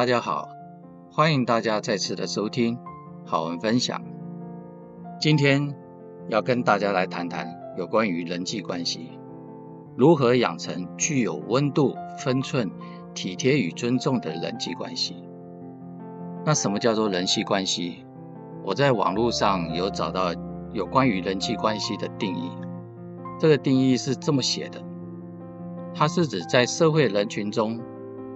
大家好，歡迎大家再次的收聽好文分享。今天要跟大家來談談有關於人際關係，如何養成具有溫度、分寸、體貼與尊重的人際關係。那什麼叫做人際關係？我在網絡上有找到有關於人際關係的定義，這個定義是這麼寫的，它是指在社會人群中。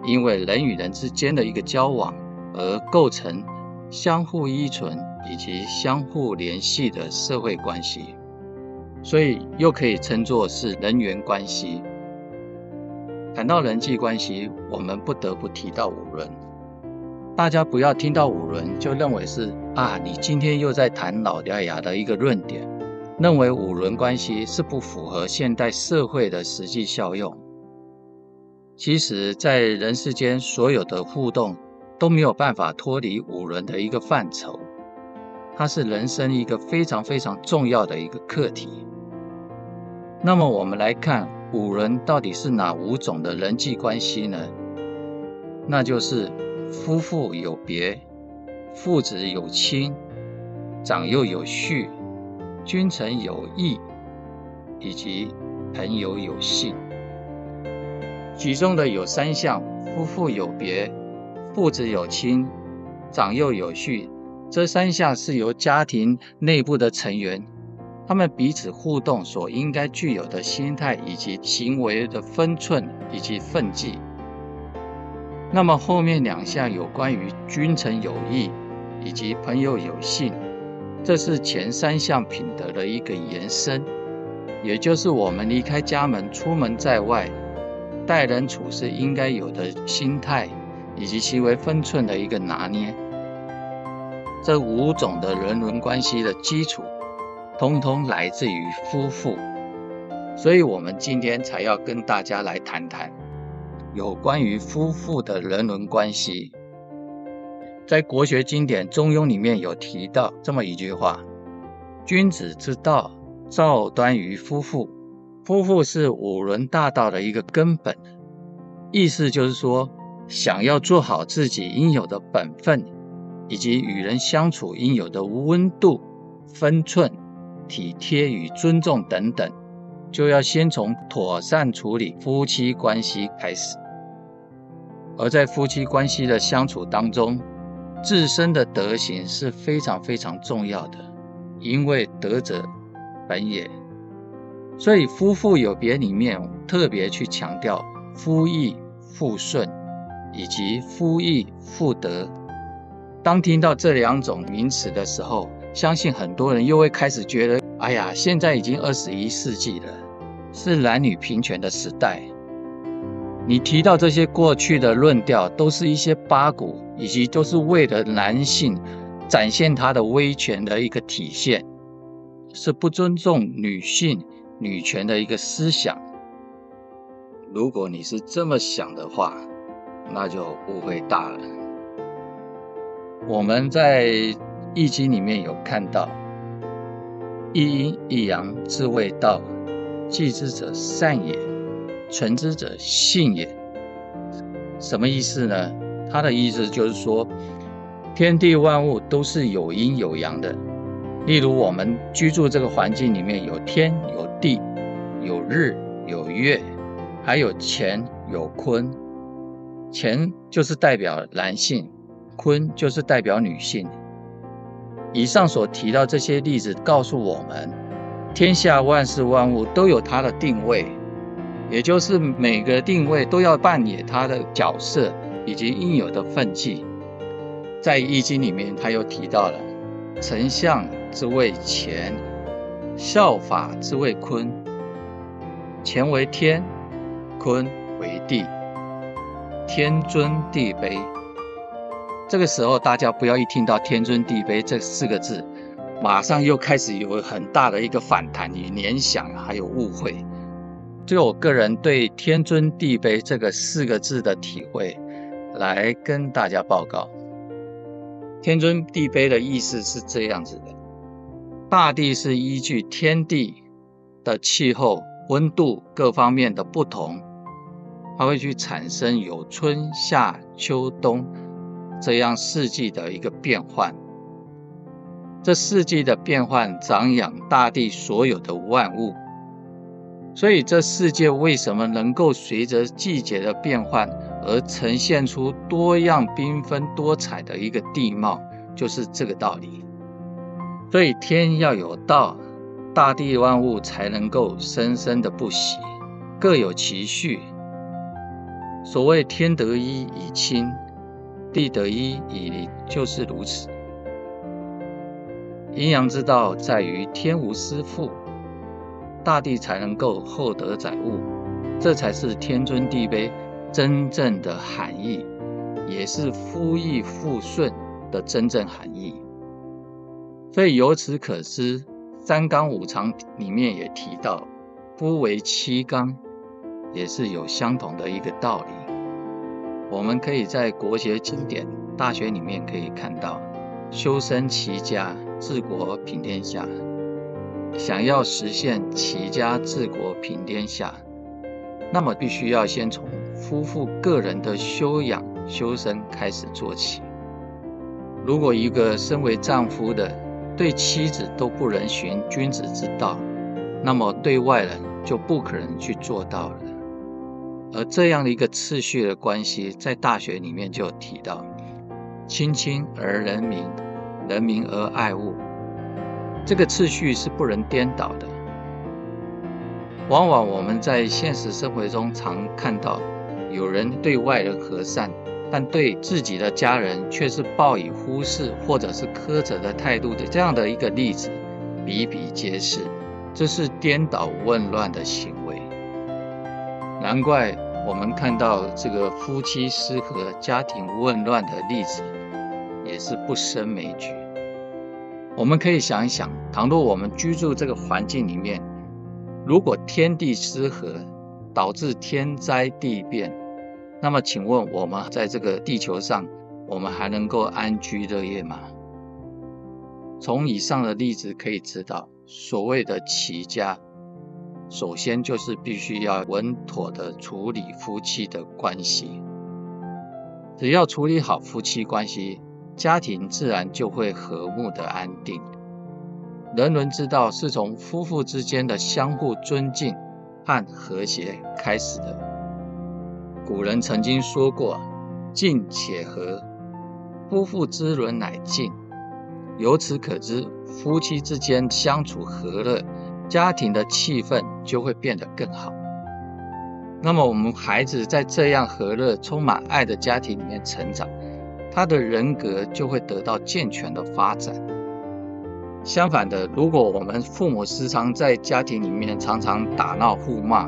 因為人與人之間的一個交往，而構成相互依存以及相互聯繫的社會關係，所以又可以稱作是人緣關係。談到人際關係，我們不得不提到五倫。大家不要聽到五倫就認為是啊，你今天又在談老掉牙的一個論點，認為五倫關係是不符合現代社會的實際效用。其實在人世間，所有的互動都沒有辦法脫離五倫的一個範疇，它是人生一個非常非常重要的一個課題。那麼我們來看五倫到底是哪五種的人際關係呢？那就是夫婦有別、父子有親、長幼有序、君臣有義，以及朋友有信。其中的有三項：夫婦有別，父子有親，長幼有序。這三項是由家庭內部的成員，他們彼此互動所應該具有的心態以及行為的分寸以及分際。那麼後面兩項有關於君臣有義以及朋友有信，這是前三項品德的一個延伸，也就是我們離開家門，出門在外。待人處事應該有的心態，以及行為分寸的一個拿捏，這五種的人倫關係的基礎，通通來自於夫婦，所以我們今天才要跟大家來談談有關於夫婦的人倫關係。在國學經典《中庸》裡面有提到這麼一句話：“君子之道，造端於夫婦。”夫婦是五倫大道的一個根本，意思就是說，想要做好自己應有的本分，以及與人相處應有的溫度、分寸、體貼與尊重等等，就要先從妥善處理夫妻關係開始。而在夫妻關係的相處當中，自身的德行是非常非常重要的，因為德者本也。所以《夫婦有別》裡面特別去強調夫義婦順，以及夫義婦德。當聽到這兩種名詞的時候，相信很多人又會開始覺得：哎呀，現在已經二十一世紀了，是男女平權的時代。你提到這些過去的論調，都是一些八股，以及都是為了男性展現他的威權的一個體現，是不尊重女性。女權的一個思想，如果你是這麼想的話，那就誤會大了。我們在《易經》裡面有看到“一陰一陽之謂道，繼之者善也，存之者信也”。什麼意思呢？他的意思就是說，天地萬物都是有陰有陽的。例如，我們居住這個環境裡面有天有。地有日有月，還有乾有坤。乾就是代表男性，坤就是代表女性。以上所提到這些例子告訴我們，天下萬事萬物都有它的定位，也就是每個定位都要扮演它的角色以及應有的分際。在易經裡面，他又提到了，成象之謂乾，效法之謂坤，乾為天，坤為地，天尊地卑。這個時候，大家不要一聽到“天尊地卑”這四個字，馬上又開始有很大的一個反彈與聯想，還有誤會。就我個人對“天尊地卑”這個四個字的體會，來跟大家報告，“天尊地卑”的意思是這樣子的。大地是依據天地的氣候、溫度各方面的不同，它會去產生有春夏秋冬這樣四季的一個變換。這四季的變換，長養大地所有的萬物。所以，這世界為什麼能夠隨着季節的變換而呈現出多樣繽紛多彩的一個地貌，就是這個道理。所以天要有道，大地萬物才能夠生生的不息，各有其序。所謂天得一以清，地得一以靈，就是如此。陰陽之道在於天無私覆，大地才能夠厚德載物，這才是天尊地卑真正的含義，也是夫義婦順的真正含義。所以由此可知，《三綱五常》裡面也提到，夫為妻綱，也是有相同的一個道理。我們可以在國學經典《大學》裡面可以看到，“修身齊家治國平天下”。想要實現齊家治國平天下，那麼必須要先從夫婦個人的修養、修身開始做起。如果一個身為丈夫的，對妻子都不能尋君子之道，那麼對外人就不可能去做到了。而這樣的一個次序的關係，在大學裡面就提到：親親而仁民，仁民而愛物。這個次序是不能顛倒的。往往我們在現實生活中常看到，有人對外人和善。但對自己的家人卻是抱以忽視或者是苛責的態度的，這樣的一個例子比比皆是，這是顛倒混亂的行為。難怪我們看到這個夫妻失和、家庭混亂的例子也是不勝枚舉。我們可以想一想，倘若我們居住這個環境裡面，如果天地失和，導致天災地變。那麼，請問我們在這個地球上，我們還能夠安居樂業嗎？從以上的例子可以知道，所謂的齊家，首先就是必須要穩妥地處理夫妻的關係。只要處理好夫妻關係，家庭自然就會和睦地安定。人倫之道是從夫婦之間的相互尊敬和和諧開始的。古人曾經說過：“敬且和，夫婦之倫乃敬。”由此可知，夫妻之間相處和樂，家庭的氣氛就會變得更好。那麼，我們孩子在這樣和樂、充滿愛的家庭裡面成長，他的人格就會得到健全的發展。相反的，如果我們父母時常在家庭裡面常常打鬧、互罵，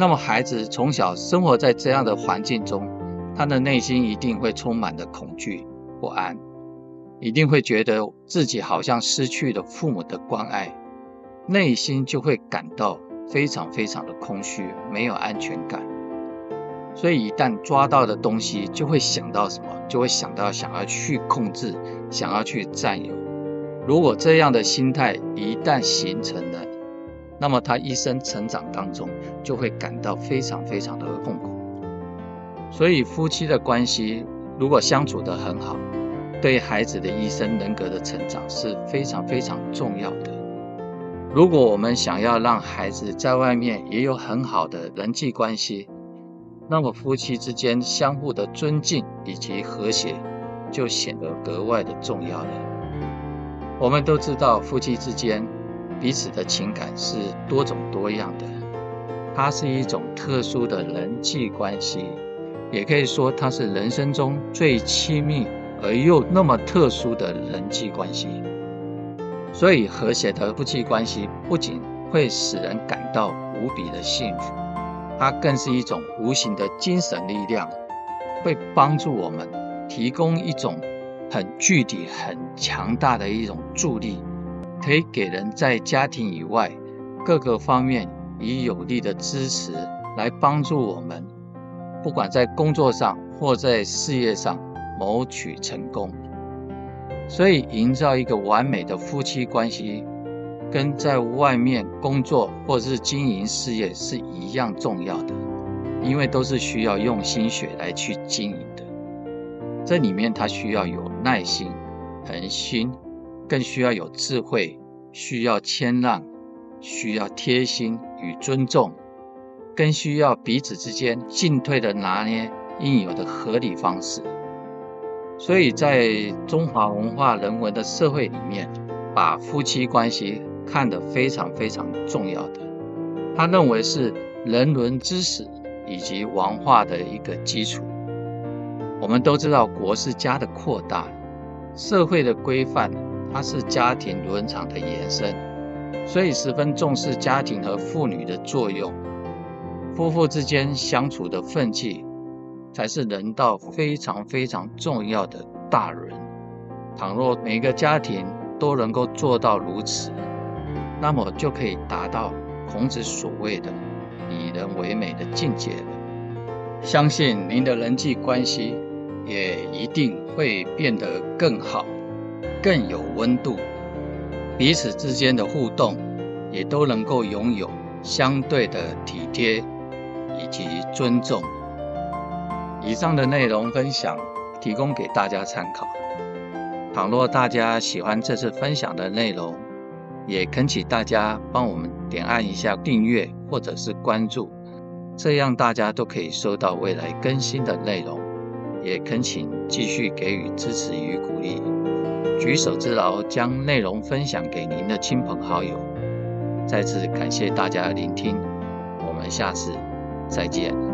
那麼，孩子從小生活在這樣的環境中，他的內心一定會充滿着恐懼、不安，一定會覺得自己好像失去了父母的關愛，內心就會感到非常非常的空虛，沒有安全感。所以，一旦抓到的東西，就會想到什麼？就會想到想要去控制，想要去佔有。如果這樣的心態一旦形成了，那麼他一生成長當中就會感到非常非常的痛苦，所以夫妻的關係如果相處得很好，對孩子的一生人格的成長是非常非常重要的。如果我們想要讓孩子在外面也有很好的人際關係，那麼夫妻之間相互的尊敬以及和諧就顯得格外的重要了。我們都知道夫妻之間，彼此的情感是多種多樣的，它是一種特殊的人際關係，也可以說它是人生中最親密而又那麼特殊的人際關係。所以，和諧的夫妻關係不僅會使人感到無比的幸福，它更是一種無形的精神力量，會幫助我們提供一種很具體、很強大的一種助力。可以給人在家庭以外各個方面以有力的支持，來幫助我們，不管在工作上或在事業上謀取成功。所以，營造一個完美的夫妻關係，跟在外面工作或是經營事業是一樣重要的，因為都是需要用心血來去經營的。這裡面，它需要有耐心、恆心。更需要有智慧，需要謙讓，需要貼心與尊重，更需要彼此之間進退的拿捏應有的合理方式。所以在中華文化人文的社會裡面，把夫妻關係看得非常非常重要的，他認為是人倫之始以及文化的一個基礎。我們都知道，國是家的擴大，社會的規範。它是家庭倫常的延伸，所以十分重視家庭和婦女的作用。夫婦之間相處的分際，才是人道非常非常重要的大倫。倘若每個家庭都能夠做到如此，那麼就可以達到孔子所謂的“以人為美的境界”了。相信您的人際關係也一定會變得更好。更有溫度，彼此之間的互動也都能夠擁有相對的體貼以及尊重。以上的內容分享提供給大家參考。倘若大家喜歡這次分享的內容，也懇請大家幫我們點按一下訂閱或者是關注，這樣大家都可以收到未來更新的內容。也懇請繼續給予支持與鼓勵，舉手之勞將內容分享給您的親朋好友。再次感謝大家的聆聽，我們下次再見。